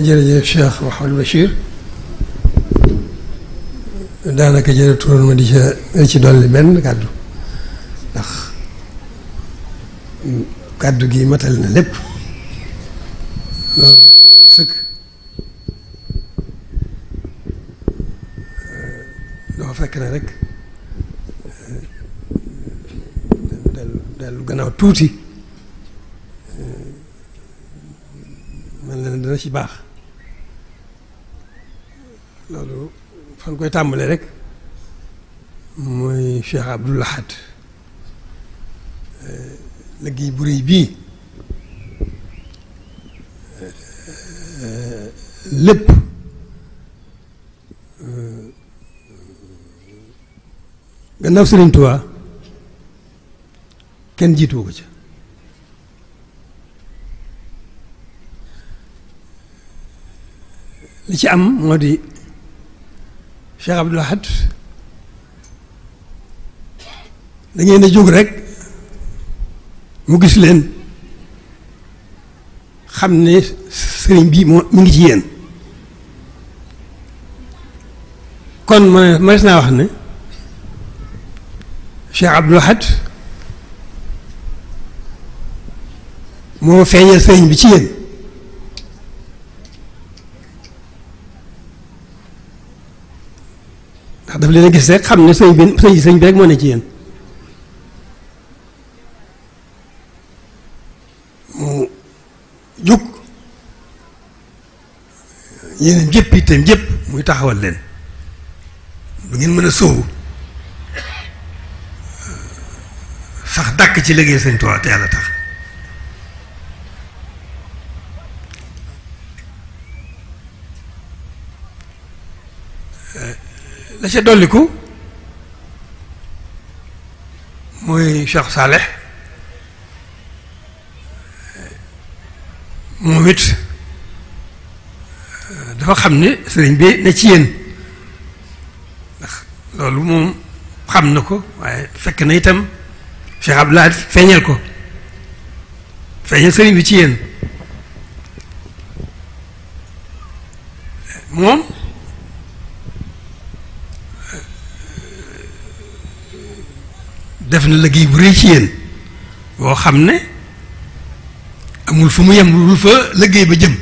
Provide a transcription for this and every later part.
jërëjëf Cheikh Mouhamadou Bachir daanaka jërëtuloon ma di ca ci dolli benn kàddu ndax kàddu gi matal na lépp loolu sëkk dafa fekk na rek dellu dellu gannaaw tuuti man la dana ci baax loolu fan koy tàmbalee rek mooy Cheikh Abdou Lahad eh, liggéey bu bii eh, eh, lépp gannaaw Sëriñ Tuubaa kenn jiituwu ko ca li ci am moo di Cheikh Abdoul Ahad da a jóg rek mu gis leen xam ne sëriñ bi moo mu ngi ci yéen kon ma ma des naa wax ne Cheikh Abdoul moo feeñal sëriñ bi ci yéen daf leen a gis rek xam ne sëñ bi sëñ sëñ bi rek moo ne ci yéen mu jug yéen jëpp itam jëpp muy taxawal leen bu ngeen mën a sóobu sax dàkk ci liggéey sëñ Tuubaa te yàlla tax la ca dolliku muy Cheikh Saleh moom it euh, dafa xam ne sëriñ bi na ci yéen ndax loolu moom xam na ko waaye fekk na itam Cheikh Abdoulaye feeñeel ko feeñal sëriñ bi ci yéen def na liggéey bu rëy ci yéen boo xam ne amul fu mu yem lu fa liggéey ba jëm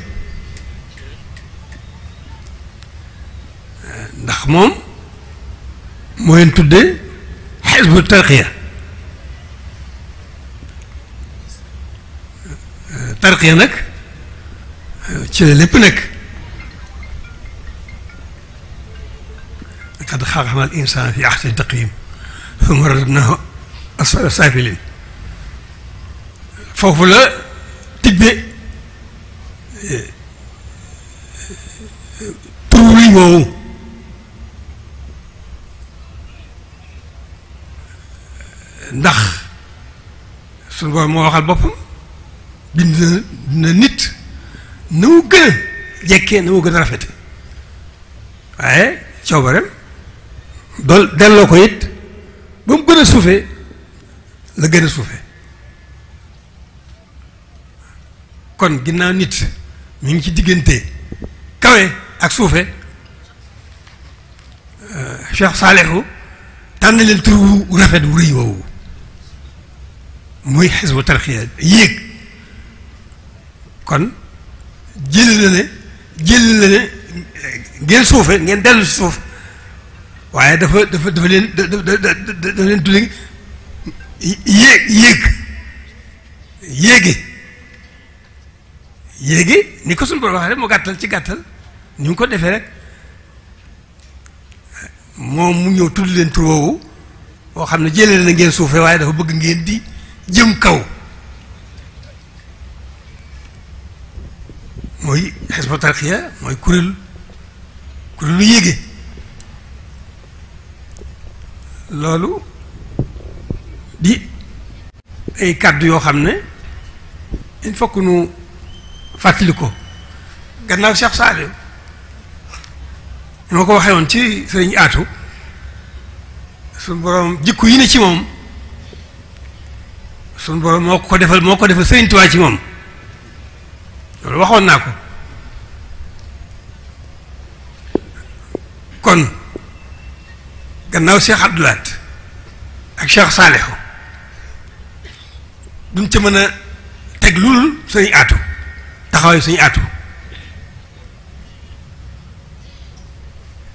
ndax moom moo leen tudde xisbu tarqiya tarqiya nag ci la lépp nekk qad xalaqnal insaana fi axsani taqwiim summa radadnaahu saafiliin foofu la tibbe tuuri woowu ndax suñu borom moo waxal boppam bind na nit na mu gën a jekkee na mu gën a rafete waaye coobarem dool delloo ko it ba mu gën a suufee la gën a suufe kon ginnaaw nit mi ngi ci diggante kawe ak suufe euh, Cheikh Saalihu tànn leen tur wu rafet wu rëy woowu muy xisbu tarxiya yéeg kon jëli la ne jëli la ne euh, ngeen suufe ngeen dellu si suuf waaye dafa dafa dafa leen dafa leen tudde yéeg yéeg yéegi yéegi ni ko suñu borom waxee rek mu gàttal ci gàttal ni mu ko defe rek moom mu ñëw tudd leen tur woowu xam ne jëlee na ngeen suufee waaye dafa bëgg ngeen di jëm kaw mooy Hizbut Tarqiyyah mooy kuréel lu yéegi loolu di ay kàddu yoo xam ne il faut nu fàttali ko gannaaw Cheikh Saliou ni ma ko waxee woon ci sëriñ aatu su borom jikko yi ne ci moom suñ borom moo ko defal moo ko defal sëriñ Tuubaa ci moom loolu waxoon naa ko kon gannaaw Cheikh Abdoulaat ak Cheikh Saliou duñ ca mën a teg lul atu aatu taxawaayu suñuy aatu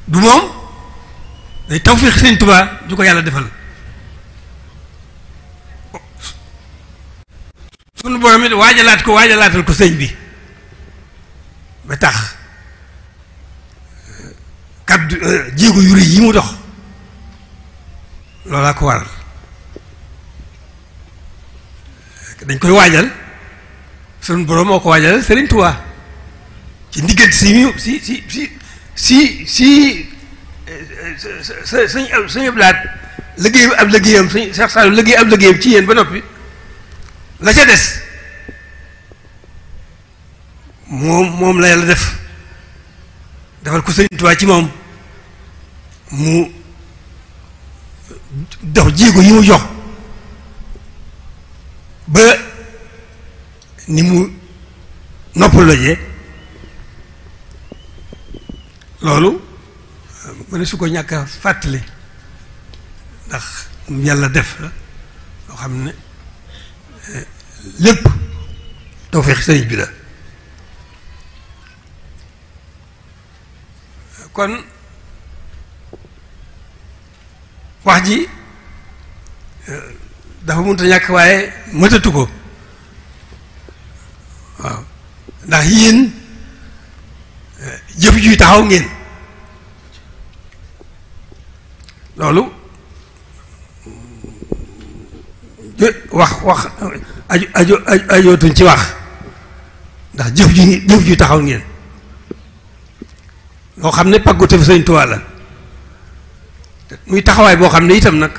du moom day tawféex Sëriñ Tuubaa ju ko yàlla defal sunu borom it waajalaat ko waajalaatal ko sëñ bi ba tax kaddu euh, jéego yu yi mu dox loolaa ko waral dañ koy waajal sunu borom moo ko waajalal Serigne ci ndiggante si si si si si si sa sañ ab sañ ab laat liggéey ab liggéeyam sañ Cheikh Saliou liggéey ab liggéeyam ci yéen ba noppi la ca des moom moom la yàlla def defal ko Serigne Touba ci moom mu dox jéego yi mu jox. ni mu noppaloo jee loolu ma ne su ko ñàkk a fàttali ndax yàlla def la loo xam ne eh, lépp tawfeex sëriñ bi la kon wax ji eh, dafa mënut a ñàkk waaye mëtatu ko waaw ndax yéen jëf juy taxaw ngeen loolu wax wax aju aju ajootuñ ci wax ndax jëf ju jëf ju taxaw ngeen loo xam ne pàggu tëf sëñ Tuubaa muy taxawaay boo xam ne itam nag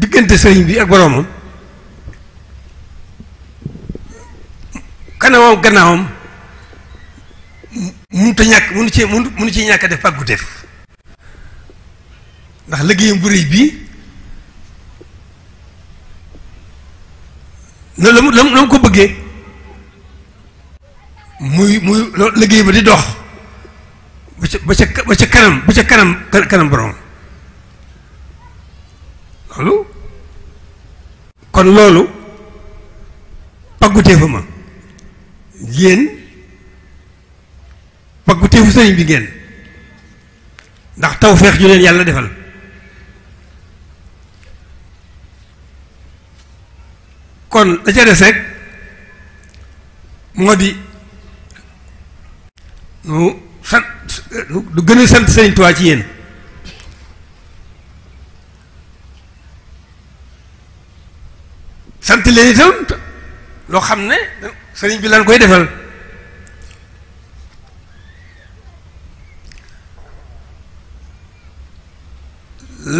diggante sëriñ bi ak boroomam kanamam gannaawam mënut a ñàkk mënu ci mënu ci ñàkk def pàggu ndax liggéeyam bu rëy bii na la mu la mu ko bëggee muy muy liggéey ba di dox ba ca ba ca kanam ba ca kanam kanam borom loolu kon loolu pàggu teefa ma yéen paggu teefu sëriñ bi ngeen ndax taw feex ju leen yàlla defal kon da ca rek moo di nu sant du gën a sant sëriñ Tuubaa ci yéen sant leen itam loo xam ne sëriñ bi lan koy defal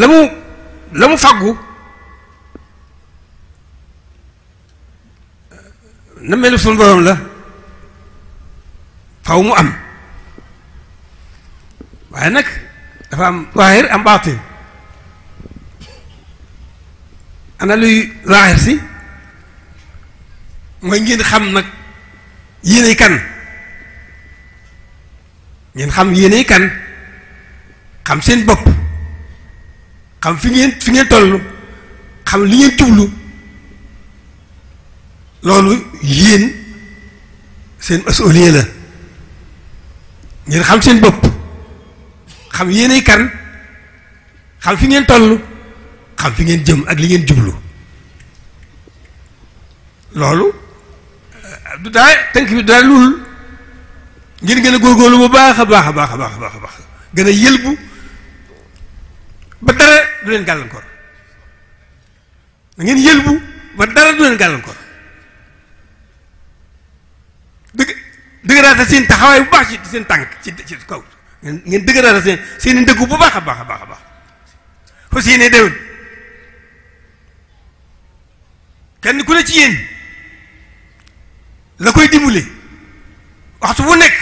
la mu la mu fàggu na melu suñu borom la faw mu am waaye nag dafa am zaahir am baatin ana luy zaahir si mooy ngeen xam nag yéenay kan ngeen xam yéenay kan xam seen bopp xam fi ngeen fi ngeen toll xam li ngeen jublu loolu yéen seen masoliye la ngeen xam seen bopp xam yéenay kan xam fi ngeen tollu xam fi ngeen jëm ak li ngeen jublu loolu du daa tënk bi daa lul ngeen gën a góorgóorlu baax a baax a baax a baax a a baax gën a yëlbu ba dara du leen gàllankoor da ngeen yëlbu ba dara du leen gàllankoor dëgg dëgëraatal seen taxawaay bu baax ci seen tànk ci ci kaw ngeen ngeen dëgëraatal seen seen i bu baax a baax a baax a baax fas yéene déwén kenn ku ne ci yéen la koy dimbali waxtu bu nekk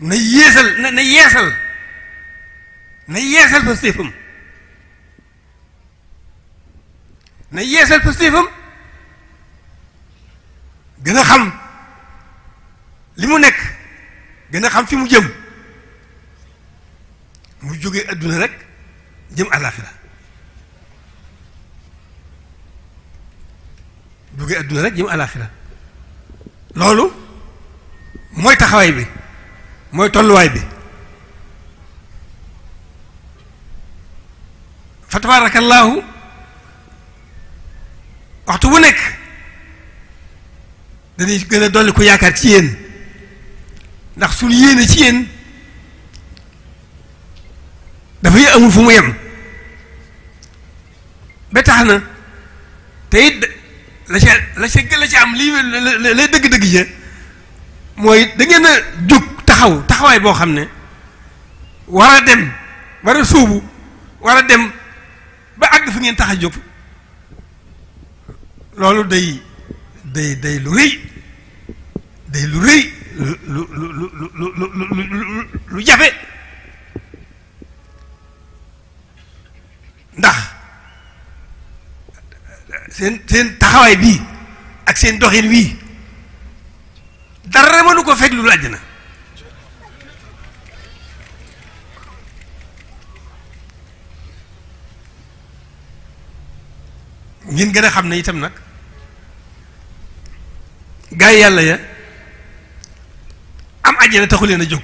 na yeesal na na yeesal na yeesal fa na yeesal fa gën a xam li mu nekk gën a xam fi mu jëm mu jóge adduna rek jëm àllaaxira jógee adduna rek jëm àllaaxira loolu mooy taxawaay bi mooy tolluwaay bi fa tabaarakallaahu waxtu bu nekk dañuy gën a dolli ko yaakaar ci yéen ndax suñu yéene ci yéen dafay amul fu mu yem ba tax na te it la ca la ca la ca am lii lay dëgg-dëgg ja mooy da ngeen a jóg taxaw taxawaay boo xam ne war a dem war a suubu war a dem ba àgg fi ngeen tax a jóg loolu day day day lu rëy day lu rëy lu lu lu lu lu jafe ndax seen seen taxawaay bii ak seen doxin wii dara mënu ko fekk lu dul àjjana ngeen gën a xam ne itam nag gaa yi yàlla ya am àjjana taxu leen a jóg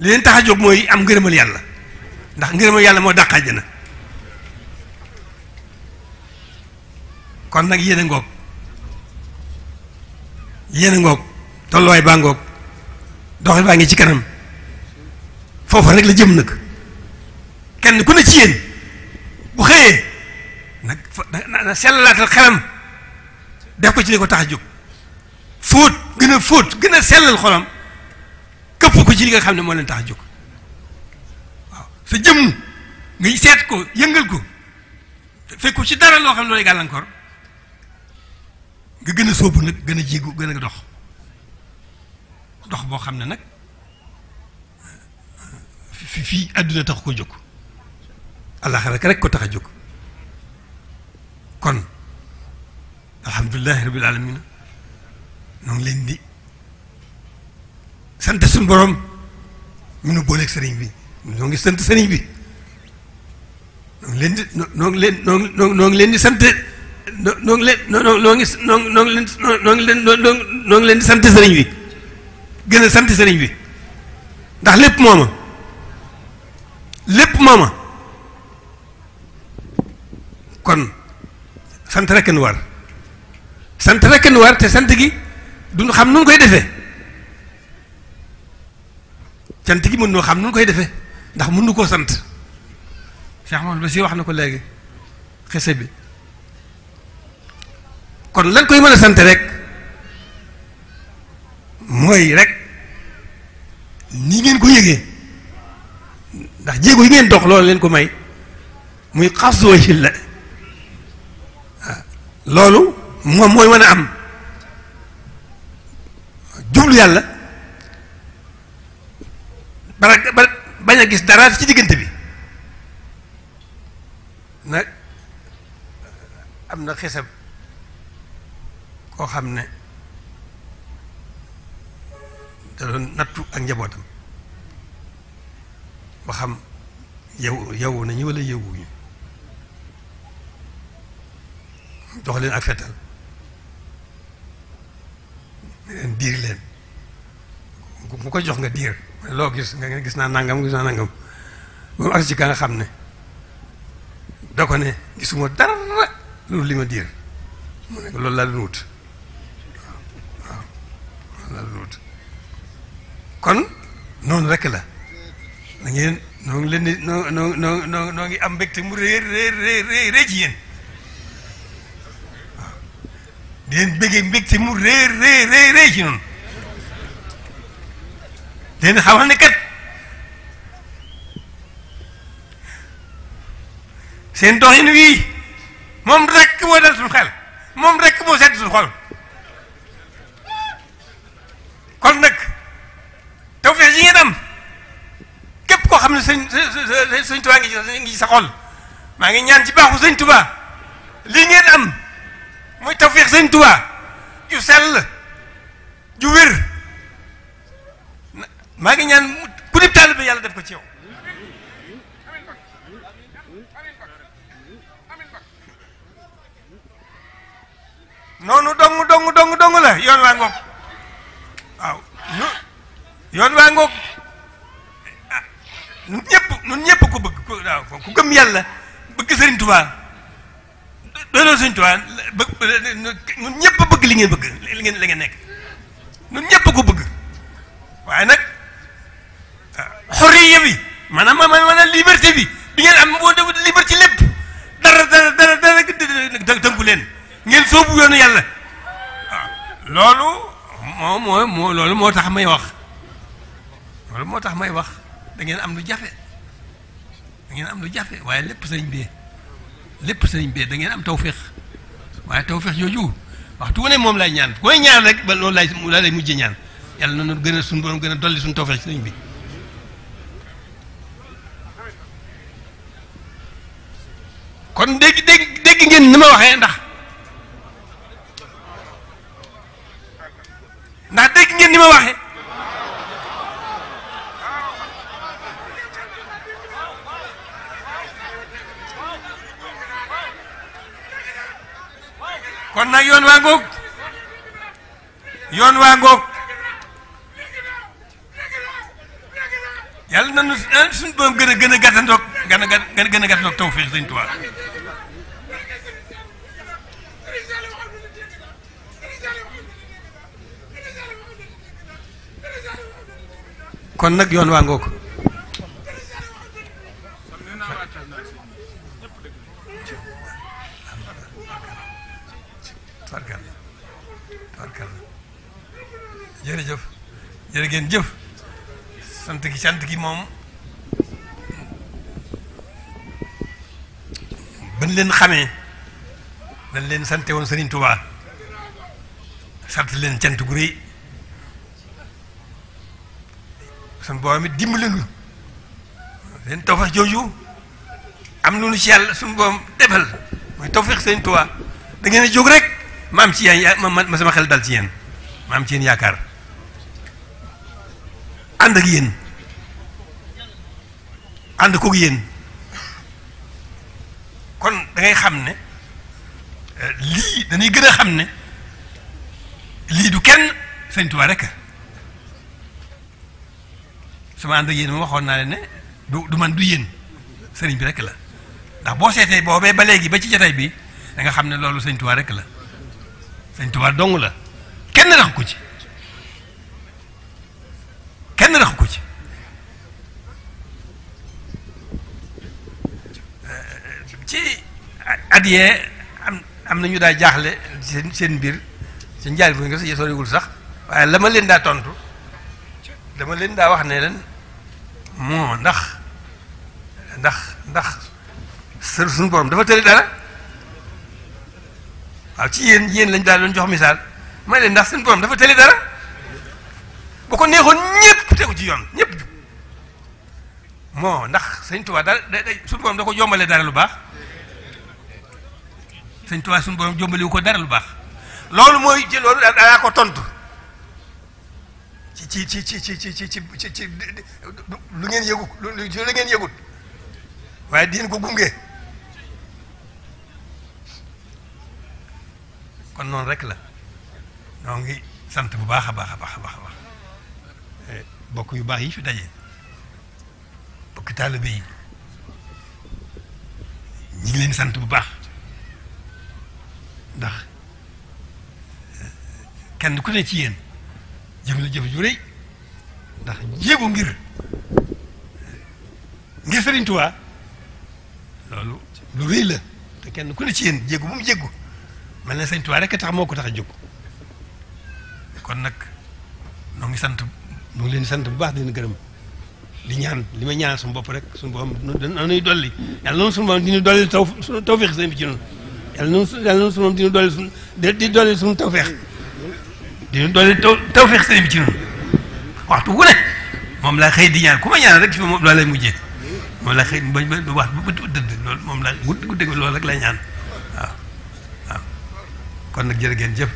li leen taxa jóg mooy am ngërëmal yàlla ndax ngërëmal yàlla moo àjj na kon nag yéen a ngoog yéen a ngoog tolluwaay baa ngoog doxal baa ngi ci kanam foofu rek la jëm nag kenn ku ne ci yéen bu xëyee nag na sellalaatal xelam def ko ci li ko tax a fóot gën a fóot gën a sellal xolam këpp ko ci li nga xam ne moo leen tax a jóg waaw sa seet ko yëngal ko fekk ci dara loo xam ne looy gàllankoor nga gën a sóobu nag gën a jigu gën a dox dox boo xam ne nag fi fii àdduna tax ko jóg àllaaxira rek ko tax a jóg kon alhamdulilahi rabil alamina noo ngi leen di sant suñu boroom mu nu booleeg sëriñ bi noo ngi sant sëriñ bi leen di noo leen noo ngi leen di sant noo ngi leen noo noo ngi noo noo leen noo leen noo ngi leen sant sëriñ wi gën a sant sëriñ wi ndax lépp mooma lépp mooma kon sant rekk nu war sant rekk nu war te sant gi duñ xam nun koy defe sant gi mën noo xam nun koy defee ndax mën nu koo sant Cheikh Mamadou si wax na ko léegi xese bi kon lan koy mën a sante rek mooy rek ni ngeen ko yëgee ndax jéego yi ngeen dox loolu leen ko may muy xas wajil la loolu moom mooy mën a am jublu yàlla bara ba bañ a gis dara ci diggante bi nag am na xisab koo xam ne da nattu ak njabootam ba xam yow yow nañu wala yowuñu jox leen ak fetal leen diir leen ku ko jox nga diir loo gis nga gis naa nangam gis naa nangam ba mu agsi ci ka nga xam ne da ko ne gisuma dara loolu li ma diir mu ne loolu laa doon wut kon noonu rek la na ngeen noo ngi leen di noo noo noo noo noo ngi am mbégte mu réer réer réer réer ci yéen waaw di leen béggee mbégte mu réer réer réer réer ci noonu di leen xamal ne kat seen doxin wii moom rek moo dal suñu xel moom rek moo sedd suñu xol kon nag xam ne sëñ sëñ tubaa ngi ngi sa xol maa ngi ñaan ci baaxu sëñ tubaa lii ngeen am muy tawfeex sëñ tubaa ju sell ju wér maa ngi ñaan ku nekk taalibe yàlla def ko ci yow noonu dong dong dong dong la yoon waa ngoog waaw waa ngoog ñun ñëpp ñun ñëpp ko bëgg ko waaw ku gëm yàlla bëgg sëriñ tubaa dooloo sëriñ tubaa ñun ñëpp bëgg li ngeen bëgg li ngeen la ngeen nekk ñun ñëpp ko bëgg waaye nag xorriya bi maanaam maanaam liberté bi bi ngeen am boo def liberté lépp dara dara dara dara dënku leen ngeen soobu yoonu yàlla waaw loolu moo moo moo loolu moo tax may wax loolu moo tax may wax da ngeen am lu jafe da am lu jafe waaye lépp sëriñ bee lépp sëriñ bee da ngeen am tawféex waaye tawféex yooyu waxtu wu ne moom lay ñaan koy ñaan rek ba loolu lay laa lay mujj ñaan yàlla noonu gën a suñ borom gën a dolli suñ tawféex sëriñ bi kon dégg dégg dégg ngeen ni ma waxee ndax ndax dégg ngeen ni ma waxee kon nag yoon waa ngoog yoon waa ngoog yàlla nañu suñu gën gën a gàttandoog gën a gën a gën a gàttandoog tawfeex Sëñ Tuubaa kon nag yoon waa ngoog ngeen jëf sant gi sant gi moom ban leen xamee dañ leen sante woon Serigne Touba sant leen cant gu rëy sun boobam it dimbali nu leen tawfeex jooju am lu nu ci yàlla suñu boobam defal mooy tawfeex Serigne Touba da ngeen a jóg rek ma am ci yéen ma ma sama xel dal ci yen ma am ci yéen yaakaar ànd ak yéen ànd kook yéen kon da xam ne euh, lii danay gën a xam ne lii du kenn sëñ Tuubaa rek sama ànd ak yéen ma waxoon naa leen ne du du man du yéen sëriñ bi rek la ndax boo seetee boobee ba léegi ba ci jotaay bi da nga xam ne loolu sëñ Tuubaa rek la sëñ Tuubaa dong la kenn rax ko ci kenn raxu ko ci ci at yee am am na ñu daa jaaxle seen seen mbir seen njaari ko nga soriwul sax waaye la leen daa tontu dama leen daa wax ne leen moo ndax ndax ndax sër suñu borom dafa tëri dara waaw ci yéen yéen lañ daal doon jox misaal ma leen ndax suñu borom dafa tëri dara bu neexoon ñëpp tegu ci yoon ñëpp ndax sëñ Tuubaa dara suñu borom da dara lu baax sëñ Tuubaa suñu borom ko dara lu baax loolu mooy ci tontu ci ci ci ci ci ci ci ci lu ngeen yëgu lu ngeen yëgut waaye diin ko gunge kon noonu rek la ñoo ngi sant bu baax a baax a baax a baax a baax bokk yu baax yi fi daje bokk taalibe yi ñi ngi leen sant bu baax ndax eh, kenn ku ne ci yéen jëf na jëf ju rëy ndax jéego ngir eh, ngir Sëriñ loolu lu rëy la te kenn ku ne ci yéen jéego bu mu ma mel na Sëriñ tax moo ko tax a jóg kon nag noo ngi sant. mu ngi leen sant bu baax di leen gërëm di ñaan li may ñaan suñu bopp rek suñu boppam na nuy dolli noonu suñu dolli taw tawféex sëñ bi ci noonu yàlla noonu yàlla di ñu dolli suñu di dolli suñu tawféex di ñu dolli taw tawféex sëñ bi waxtu wu moom laa xëy di ñaan ku ma ñaan rek ci moom loolu lay mujjee moom laa xëy ba ba wax gudd gudd rek lay ñaan waaw waaw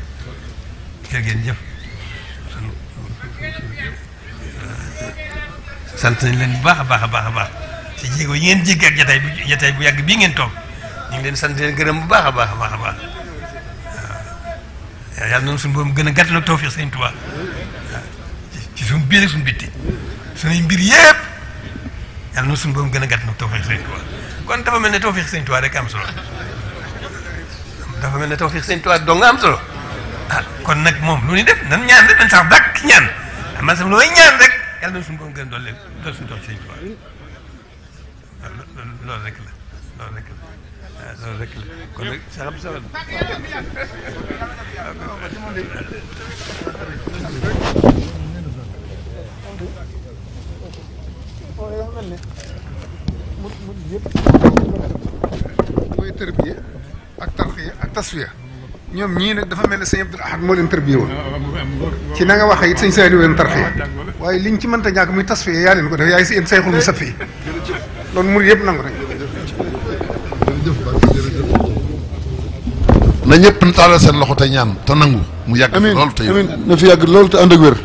sant nañ leen bu baax a baax a baax a baax ci jéego yi ngeen jéggi ak jataay bi jataay bu yàgg bii ngeen toog ñu ngi leen sant gërëm bu baax a baax a baax a baax waaw gën a gàttal ak tawfeex sëñ Tuubaa ci suñu biir ak suñu bitti mbir yépp yàlla noonu gën a gàttal ak kon dafa mel ne tawfeex sëñ Tuubaa rek am solo dafa mel ne tawfeex sëñ Tuubaa dong nga am solo ah kon nag moom lu ñu def nan ñaan rek nan sax dàkk ñaan man sax lu ñaan rek yàlla na suñu borom gën a dolli dool suñu dox sëñ Tuubaa loolu rek la loolu rek la loolu rek la kon nag saxam saxal mooy tërbiye ak tarxiye ak tasfiya ñoom ñii nag dafa mel ne sëñ Abdul Ahad moo leen tërbiyee woon ci na nga waxee it sëñ Saaliw leen tarxee waaye liñ ci mënta ñàkk muy tasfee yaa leen ko def yaay si yéen sayxul mu safi loolu murid yëpp nangu nañ na ñëpp taalal seen loxo te ñaan te nangu mu yàgg loolu te amiin na fi yàgg loolu te ànd ak wér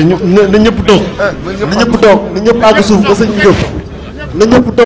naa ñu na ñëpp toog ah, na ñëpp toog na ñëpp àgg suuf ba sëñ bi jóg na ñëpp toog